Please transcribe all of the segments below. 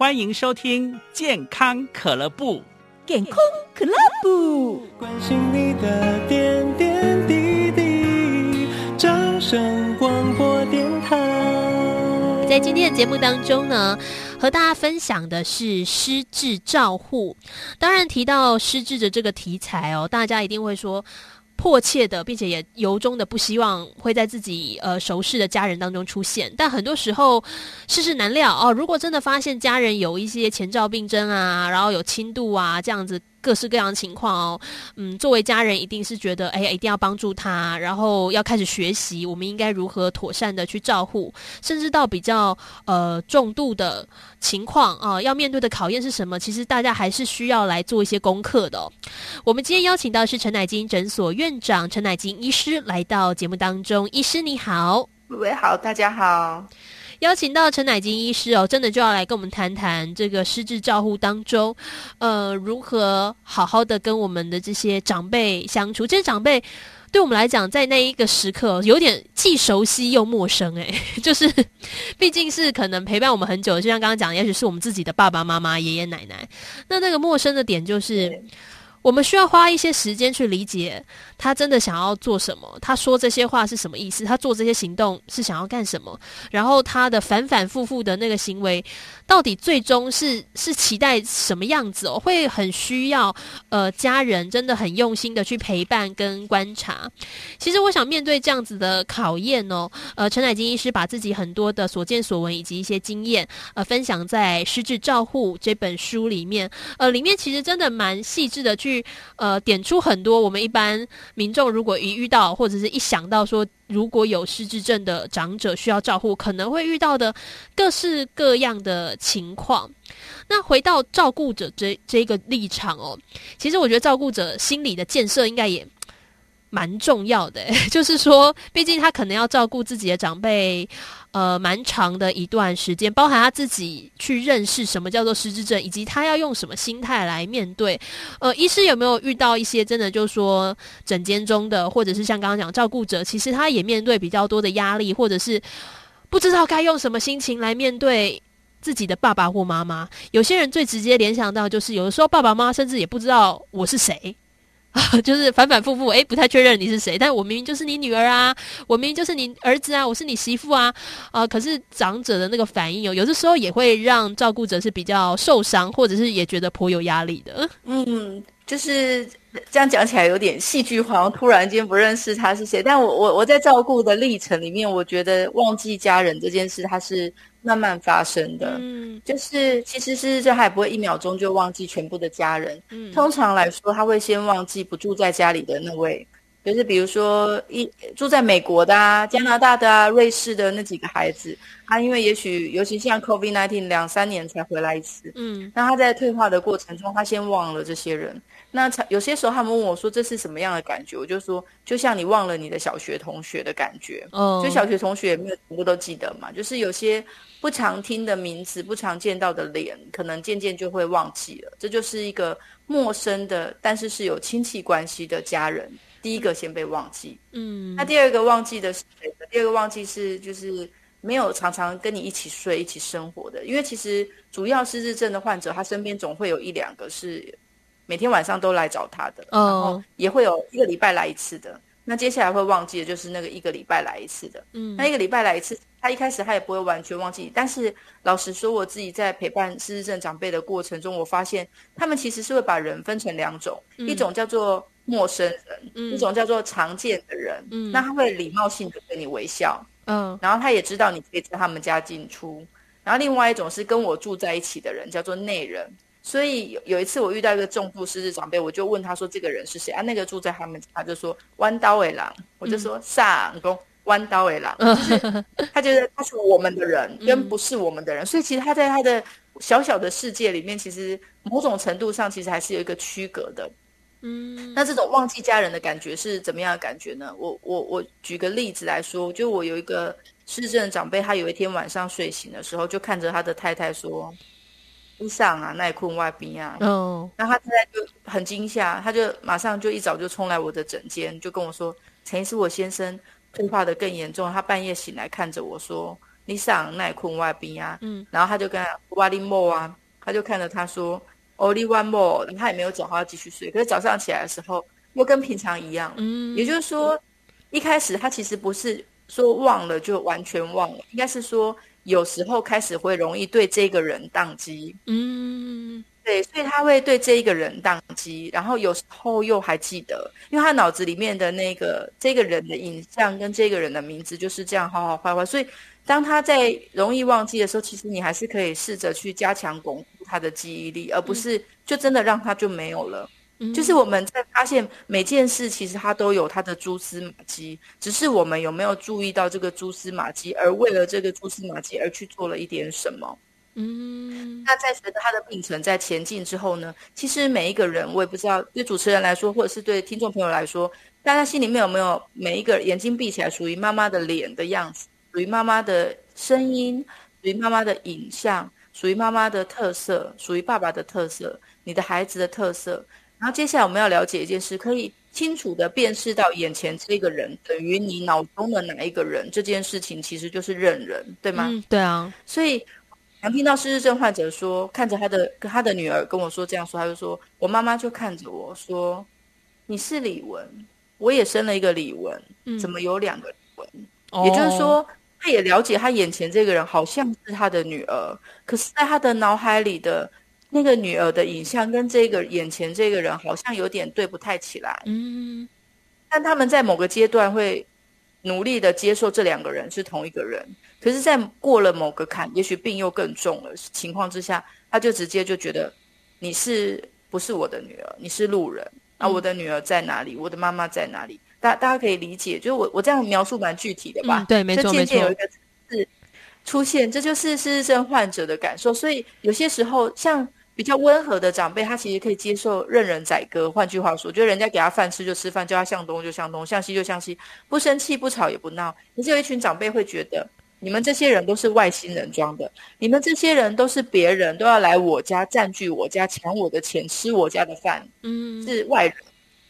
歡迎收聽健康可樂部，健康可樂部關心你的點點滴滴，掌聲廣播電台。在今天的節目當中呢，和大家分享的是失智照護。當然提到失智的這個題材哦，大家一定會說。迫切的，並且也由衷的不希望會在自己呃熟識的家人當中出現。但很多時候，世事難料哦。如果真的發現家人有一些前兆病症啊，然後有輕度啊，這樣子。各式各樣的情況哦，嗯，作為家人，一定是覺得，哎、欸，一定要幫助他，然後要開始學習，我們應該如何妥善的去照顧，甚至到比較呃重度的情況啊、呃，要面對的考驗是什麼？其實大家還是需要來做一些功課的、哦。我們今天邀請到的是陳乃菁診所院長陳乃菁醫師來到節目當中，醫師你好，喂，好，大家好。邀請到陳乃菁醫師哦、喔，真的就要來跟我們談談這個失智照護當中，呃，如何好好的跟我們的這些長輩相處。其實長輩對我們來講，在那一個時刻、喔、有點既熟悉又陌生、欸。誒，就是畢竟是可能陪伴我們很久，就像剛剛講，也許是我們自己的爸爸媽媽、爺爺奶奶。那那個陌生的點，就是、嗯、我們需要花一些時間去理解。他真的想要做什麼？他說這些話是什麼意思？他做這些行動是想要幹什麼？然後他的反反復復的那個行為，到底最終是是期待什麼樣子哦？會很需要呃家人真的很用心的去陪伴跟觀察。其實我想面對這樣子的考驗哦，呃，陳乃菁醫師把自己很多的所見所聞以及一些經驗呃分享在《失智照護》這本書裡面，呃，裡面其實真的蠻細緻的去呃點出很多我們一般。民眾如果一遇到或者是一想到說，如果有失智症的長者需要照顧，可能會遇到的各式各樣的情況。那回到照顧者這這個立場哦，其實我覺得照顧者心理的建設應該也。蠻重要的，就是說，畢竟他可能要照顧自己的長輩，呃，蠻長的一段時間，包含他自己去認識什麼叫做失智症，以及他要用什麼心態來面對。呃，醫師有沒有遇到一些真的就說診間中的，或者是像剛剛講照顧者，其實他也面對比較多的壓力，或者是不知道該用什麼心情來面對自己的爸爸或媽媽？有些人最直接聯想到就是，有的時候爸爸媽媽甚至也不知道我是誰。 就是反反复复，哎，不太確認你是誰，但我明明就是你女兒啊，我明明就是你兒子啊，我是你媳婦啊，啊、呃，可是長者的那個反應有、哦，有的時候也會讓照顧者是比較受傷，或者是也覺得頗有壓力的。嗯，嗯。就是這樣講起來有點戲劇化，好像突然間不認識他是誰。但我我我在照顧的歷程裡面，我覺得忘記家人這件事，它是慢慢發生的。嗯，就是其實是這還不會一秒鐘就忘記全部的家人。嗯，通常來說，他會先忘記不住在家裡的那位。就是比如說一，一住在美國的啊、加拿大的啊、瑞士的那幾個孩子，他因為也許尤其像 COVID-19，兩三年才回來一次，嗯，那他在退化的過程中，他先忘了這些人。那有些時候他們問我說：“這是什麼樣的感覺？”我就說：“就像你忘了你的小學同學的感覺，嗯，就小學同學也沒有全部都記得嘛，就是有些不常聽的名字、不常見到的臉，可能漸漸就會忘記了。這就是一個陌生的，但是是有親戚關係的家人。”第一個先被忘記，嗯，那第二個忘記的是誰？第二個忘記是就是沒有常常跟你一起睡、一起生活的，因為其實主要是日症的患者，他身邊總會有一兩個是每天晚上都來找他的，哦、嗯，也會有一個禮拜來一次的。那接下來會忘記的就是那個一個禮拜來一次的，嗯，那一個禮拜來一次，他一開始他也不會完全忘記。但是老實說，我自己在陪伴失智症長輩的過程中，我發現他們其實是會把人分成兩種，嗯、一種叫做陌生人，嗯、一種叫做常見的人。嗯，那他會禮貌性的對你微笑，嗯，然後他也知道你可以在他們家進出。然後另外一種是跟我住在一起的人，叫做內人。所以有有一次，我遇到一個重度失智長輩，我就問他說：“這個人是誰啊？”那個住在他們家，他就說：“彎刀為狼。”我就說：“上公彎刀為狼。 就是”他覺得他是我們的人，跟不是我們的人。所以其實他在他的小小的世界裡面，其實某種程度上，其實還是有一個區隔的。嗯，那這種忘記家人的感覺是怎麼樣的感覺呢？我我我舉個例子來說，就我有一個失智的長輩，他有一天晚上睡醒的時候，就看着他的太太說。你上啊，耐坤外賓啊，嗯，oh. 那他現在就很驚嚇，他就馬上就一早就衝來我的診間，就跟我說：“陳醫師，我先生，退化的更嚴重，他半夜醒來看着我說：‘你上耐坤外賓啊’，啊嗯，然後他就跟 ‘one more’ 啊，他就看着他說 ‘only one more’，他也沒有講話要繼續睡，可是早上起來的時候又跟平常一樣，嗯，也就是說，一開始他其實不是說忘了就完全忘了，應該是說。有時候開始會容易對這個人當機，嗯，對，所以他會對這一個人當機，然後有時候又還記得，因為他腦子裡面的那個這個人的影像跟這個人的名字就是這樣好好壞壞，所以當他在容易忘記的時候，其實你還是可以試着去加強鞏固他的記憶力，而不是就真的讓他就沒有了。嗯就是我們在發現每件事，其實它都有它的蛛絲馬跡，只是我們有沒有注意到這個蛛絲馬跡，而為了這個蛛絲馬跡而去做了一點什麼。嗯，那在隨著它的病程在前進之後呢？其實每一個人，我也不知道，對主持人來說，或者是對聽眾朋友來說，大家心裡面有沒有每一個眼睛閉起來，屬於媽媽的臉的樣子，屬於媽媽的聲音，屬於媽媽的影像，屬於媽媽的特色，屬於爸爸的特色，你的孩子的特色。然後接下來我們要了解一件事，可以清楚地辨識到眼前這個人等於你腦中的哪一個人，這件事情其實就是認人，對嗎？嗯，對啊。所以，常聽到失智症患者說，看着他的他的女兒跟我說這樣說，他就說：“我媽媽就看着我說，你是李文，我也生了一個李文，嗯，怎麼有兩個李文？”哦，也就是說，他也了解他眼前這個人好像是他的女兒，可是在他的腦海裡的。那個女兒的影像跟這個眼前這個人好像有點對不太起來。嗯，但他們在某個階段會努力的接受這兩個人是同一個人。可是，在過了某個坎，也許病又更重了，情況之下，他就直接就覺得你是不是我的女兒？你是路人那，嗯啊、我的女兒在哪裡？我的媽媽在哪裡？大家大家可以理解，就是我我這樣描述蠻具體的吧？嗯、對，沒錯，漸漸一個沒錯。是出現，這就是失智症患者的感受。所以有些時候，像比較溫和的長輩，他其實可以接受任人宰割。換句話說，就人家給他飯吃就吃飯，叫他向東就向東，向西就向西，不生氣、不吵也不鬧。可是有一群長輩會覺得，你們這些人都是外星人裝的，你們這些人都是別人，都要來我家占據我家、搶我的錢、吃我家的飯，嗯，是外人。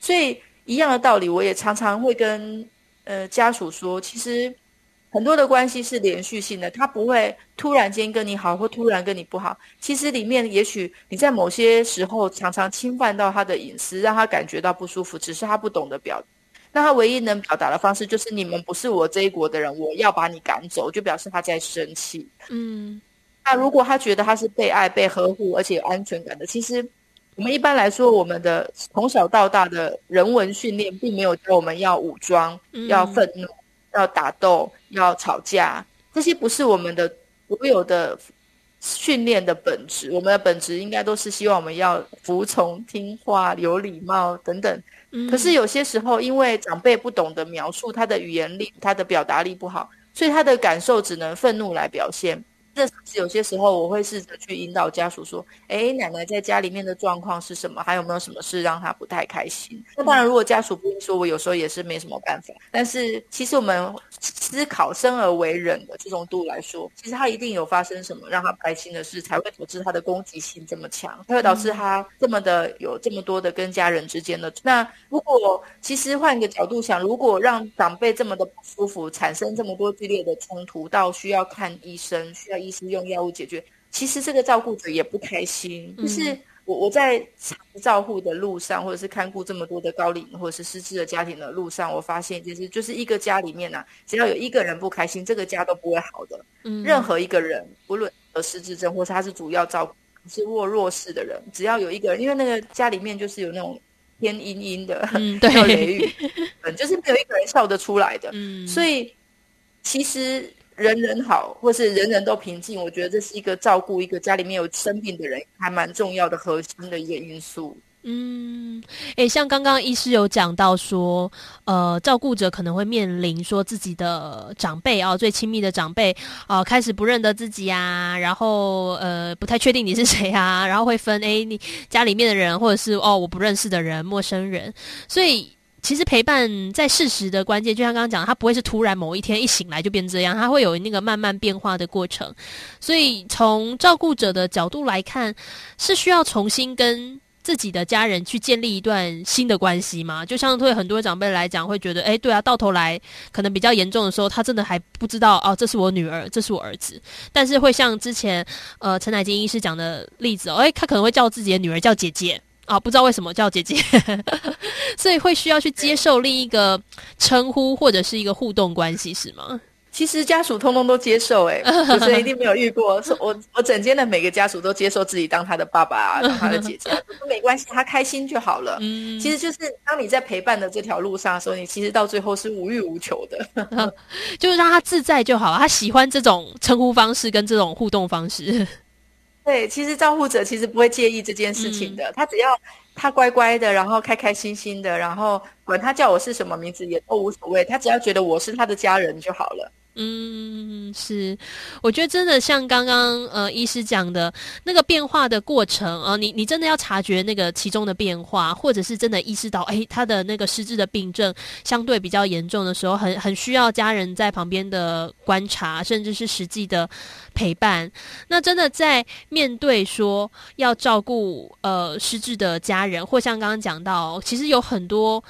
所以一樣的道理，我也常常會跟呃家屬說，其實。很多的關係是連續性的，他不會突然間跟你好，或突然跟你不好。其實裡面，也許你在某些時候常常侵犯到他的隱私，讓他感覺到不舒服。只是他不懂得表，那他唯一能表達的方式就是：你們不是我這一國的人，我要把你趕走，就表示他在生氣。嗯，那如果他覺得他是被愛、被呵護，而且有安全感的，其實我們一般來說，我們的從小到大的人文訓練，並沒有教我們要武裝、要憤怒。嗯要打鬥、要吵架，這些不是我們的所有的訓練的本質。我們的本質應該都是希望我們要服從、聽話、有禮貌等等。可是有些時候，因為長輩不懂得描述他的語言力，他的表達力不好，所以他的感受只能憤怒來表現。但是有些時候我會試着去引導家屬說：“哎，奶奶在家裡面的狀況是什麼？還有沒有什麼事讓她不太開心？”那當然，如果家屬不會說，我有時候也是沒什麼辦法。但是，其實我們思考生而為人的這種度來說，其實他一定有發生什麼讓他不開心的事，才會導致他的攻擊性這麼強，才會導致他這麼的有這麼多的跟家人之間的。嗯、那如果其實換一個角度想，如果讓長輩這麼的不舒服，產生這麼多劇烈的衝突，到需要看醫生，需要醫。是用藥物解決，其實這個照顧者也不開心。嗯、就是我我在照顧的路上，或者是看顧這麼多的高齡或者是失智的家庭的路上，我發現其、就、實、是、就是一個家裡面呢、啊，只要有一個人不開心，這個家都不會好的。嗯、任何一個人，不論有失智症，或是他是主要照顧是弱弱勢的人，只要有一個人，因為那個家裡面就是有那種天陰陰的，嗯、對有雷雨，就是沒有一個人笑得出來的。嗯、所以其實。人人好，或是人人都平靜，我覺得這是一個照顧一個家裡面有生病的人還蠻重要的核心的一個因素。嗯，誒，像剛剛醫師有講到說，呃，照顧者可能會面臨說自己的長輩啊、哦，最親密的長輩啊、呃，開始不認得自己啊，然後呃，不太確定你是誰啊，然後會分哎，你家裡面的人，或者是哦，我不認識的人，陌生人，所以。其實陪伴在事實的關鍵，就像剛剛講，他不會是突然某一天一醒來就變這樣，他會有那個慢慢變化的過程。所以從照顧者的角度來看，是需要重新跟自己的家人去建立一段新的關係嗎？就像對很多長輩來講，會覺得，誒、欸，對啊，到頭來可能比較嚴重的時候，他真的還不知道哦，這是我女兒，這是我兒子。但是會像之前呃陳乃菁醫師講的例子，誒、哦欸，他可能會叫自己的女兒叫姐姐。啊、哦，不知道為什麼叫姐姐， 所以會需要去接受另一個稱呼或者是一個互動關係，是嗎？其實家屬通通都接受，欸，哎， 我真的一定沒有遇過，我我整間的每個家屬都接受自己當他的爸爸，啊，當他的姐姐， 都沒關係，他開心就好了。嗯，其實就是當你在陪伴的這條路上的時候，你其實到最後是無欲無求的， 就是讓他自在就好了，他喜歡這種稱呼方式跟這種互動方式。對，其實照顧者其實不會介意這件事情的，嗯、他只要他乖乖的，然後開開心心的，然後管他叫我是什麼名字也都無所謂，他只要覺得我是他的家人就好了。嗯，是，我覺得真的像剛剛呃醫師講的那個變化的過程啊，呃，你你真的要察覺那個其中的變化，或者是真的意識到，誒，他的那個失智的病症相對比較嚴重的時候，很很需要家人在旁邊的觀察，甚至是實際的陪伴。那真的在面對說要照顧呃失智的家人，或像剛剛講到，其實有很多，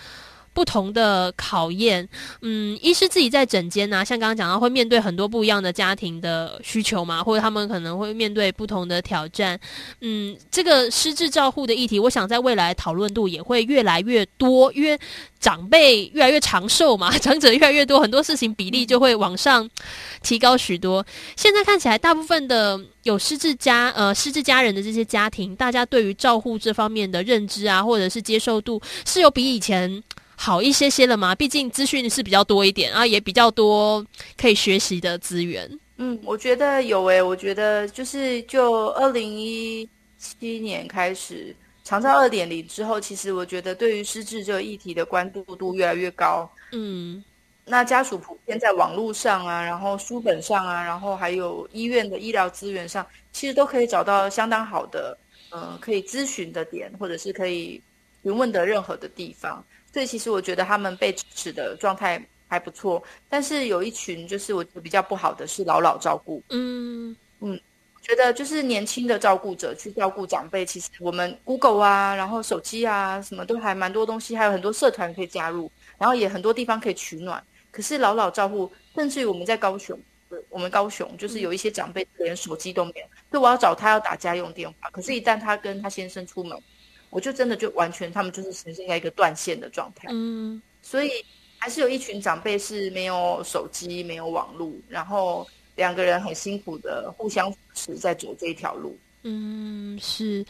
不同的考驗，嗯，醫師自己在診間呢，像剛剛講到，會面對很多不一樣的家庭的需求嘛，或者他們可能會面對不同的挑戰，嗯，這個失智照護的議題，我想在未來討論度也會越來越多，因為長輩越來越長壽嘛，長者越來越多，很多事情比例就會往上提高許多。現在看起來，大部分的有失智家呃失智家人的這些家庭，大家對於照護這方面的認知啊，或者是接受度，是有比以前好一些些了嗎？畢竟資訊是比較多一點啊，也比較多可以學習的資源。嗯，我覺得有誒、欸。我覺得就是就二零一七年開始，長照二點零之後，其實我覺得對於失智這個議題的關注度,度越來越高。嗯，那家屬普遍在網絡上啊，然後書本上啊，然後還有醫院的醫療資源上，其實都可以找到相當好的嗯、呃、可以諮詢的點，或者是可以詢問的任何的地方。所以其實我覺得他們被支持的狀態還不錯，但是有一群就是我覺得比較不好的是老老照顧。嗯嗯，嗯覺得就是年輕的照顧者去照顧長輩，其實我們 Google 啊，然後手機啊，什麼都還蠻多東西，還有很多社團可以加入，然後也很多地方可以取暖。可是老老照顧，甚至於我們在高雄，我們高雄就是有一些長輩連手機都沒有，就、嗯、我要找他要打家用電話，可是一旦他跟他先生出門。我就真的就完全，他們就是呈現在一個斷線的狀態。嗯，所以還是有一群長輩是沒有手機、沒有網絡，然後兩個人很辛苦的互相扶持在走這一條路。嗯，是，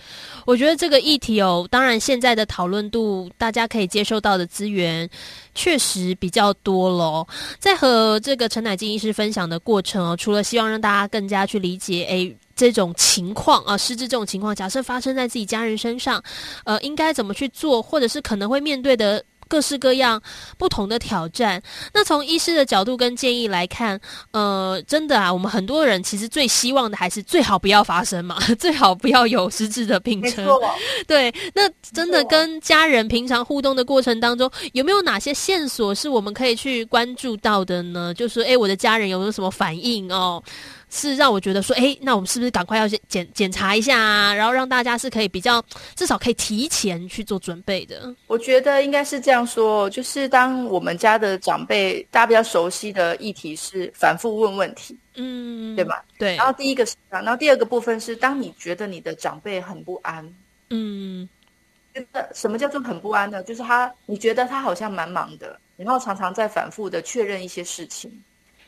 我覺得這個議題哦，當然現在的討論度，大家可以接受到的資源確實比較多了。在和這個陳乃菁醫師分享的過程哦，除了希望讓大家更加去理解，欸這種情況啊、呃，失智這種情況，假設發生在自己家人身上，呃，應該怎麼去做，或者是可能會面對的各式各樣不同的挑戰？那從醫師的角度跟建議來看，呃，真的啊，我們很多人其實最希望的還是最好不要發生嘛，最好不要有失智的病症。哦、 對，那真的跟家人平常互動的過程當中，沒錯哦、有沒有哪些線索是我們可以去關注到的呢？就是說，哎，我的家人有沒有什麼反應哦？是讓我覺得說，哎、欸，那我們是不是趕快要去檢檢查一下啊？然後讓大家是可以比較，至少可以提前去做準備的。我覺得應該是這樣說，就是當我們家的長輩，大家比較熟悉的議題是反覆問問題，嗯，對吧嗎？對。然後第一個是，然後第二個部分是，當你覺得你的長輩很不安，嗯，什麼叫做很不安呢？就是他，你覺得他好像蠻忙的，然後常常在反覆的確認一些事情。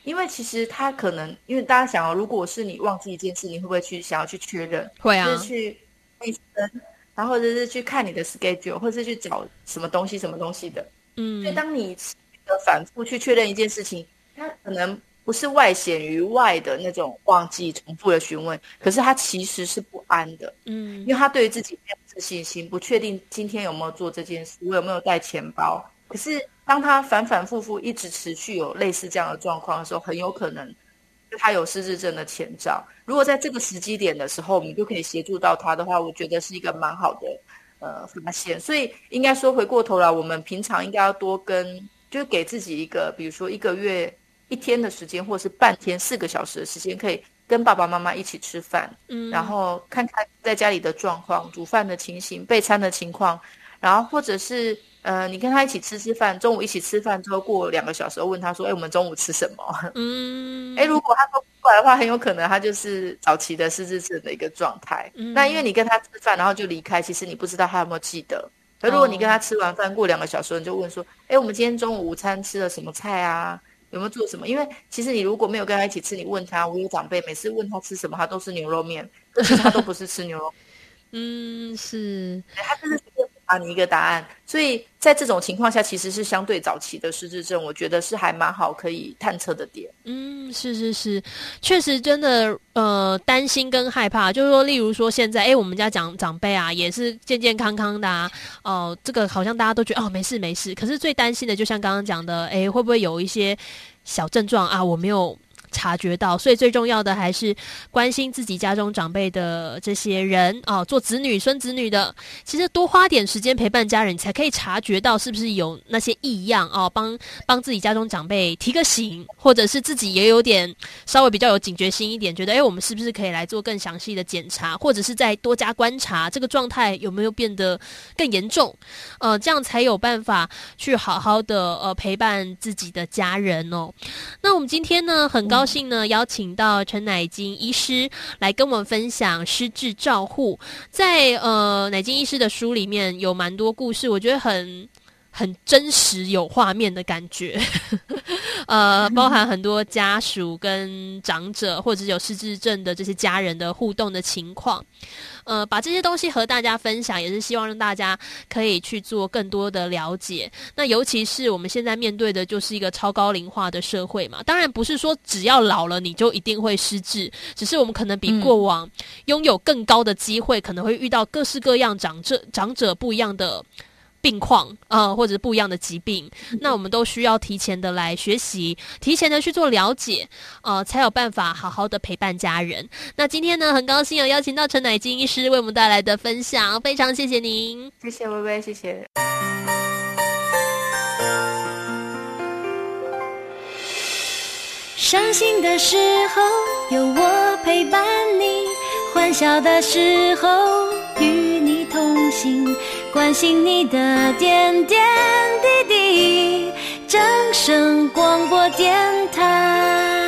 因為其實他可能，因為大家想，哦，如果是你忘記一件事情，你會不會去想要去確認？會啊，就是去衛生，然後或者是去看你的 schedule，或者是去找什麼東西、什麼東西的。嗯，所以當你的反覆去確認一件事情，他可能不是外顯於外的那種忘記、重複的詢問，可是他其實是不安的。嗯，因為他對於自己沒有自信心，不確定今天有沒有做這件事，我有沒有帶錢包，可是。當他反反復復一直持續有類似這樣的狀況的時候，很有可能他有失智症的前兆。如果在這個時機點的時候，我們就可以協助到他的話，我覺得是一個蠻好的呃發現。所以應該說回過頭來，我們平常應該要多跟，就是給自己一個，比如說一個月一天的時間，或是半天四個小時的時間，可以跟爸爸媽媽一起吃飯，嗯，然後看看在家裡的狀況、煮飯的情形、備餐的情況，然後或者是。呃，你跟他一起吃吃飯，中午一起吃飯之後過兩個小時，問他說：“哎、欸，我們中午吃什麼？”嗯，哎、欸，如果他說不出來的話，很有可能他就是早期的失智症的一個狀態。嗯、那因為你跟他吃飯，然後就離開，其實你不知道他有沒有記得。而如果你跟他吃完飯、哦、過兩個小時，你就問說：“哎、欸，我們今天中午午餐吃了什麼菜啊？有沒有做什麼？”因為其實你如果沒有跟他一起吃，你問他，我有長輩每次問他吃什麼，他都是牛肉麵，但是他都不是吃牛肉。 嗯，是。欸、他就是。啊、你一個答案，所以在這種情況下，其實是相對早期的失智症，我覺得是還蠻好可以探測的點。嗯，是是是，確實真的，呃，擔心跟害怕，就是說，例如說現在，哎，我們家長長輩啊，也是健健康康的啊，哦、呃，這個好像大家都覺得哦，沒事沒事，可是最擔心的，就像剛剛講的，哎，會不會有一些小症狀啊？我沒有。察覺到，所以最重要的還是關心自己家中長輩的這些人哦，做子女、孫子女的，其實多花點時間陪伴家人，才可以察覺到是不是有那些異樣哦，幫幫自己家中長輩提個醒，或者是自己也有點稍微比較有警覺心一點，覺得哎，我們是不是可以來做更詳細的檢查，或者是再多加觀察這個狀態有沒有變得更嚴重？呃，這樣才有辦法去好好的呃陪伴自己的家人哦。那我們今天呢，很高興、嗯。高興呢，邀請到陳乃菁醫師來跟我們分享失智照護。在呃，乃菁醫師的書裡面有蠻多故事，我覺得很很真實，有畫面的感覺。 呃，包含很多家屬跟長者或者是有失智症的這些家人的互動的情況，呃，把這些東西和大家分享，也是希望讓大家可以去做更多的了解。那尤其是我們現在面對的，就是一個超高齡化的社會嘛。當然，不是說只要老了你就一定會失智，只是我們可能比過往擁有更高的機會，可能會遇到各式各樣長者長者不一樣的。病況啊、呃，或者是不一樣的疾病，那我們都需要提前的來學習，提前的去做了解啊、呃，才有辦法好好的陪伴家人。那今天呢，很高興有邀請到陳乃菁醫師為我們帶來的分享，非常謝謝您，謝謝薇薇，謝謝。傷心的時候有我陪伴你，歡笑的時候與你同行。關心你的點點滴滴，正聲廣播電臺。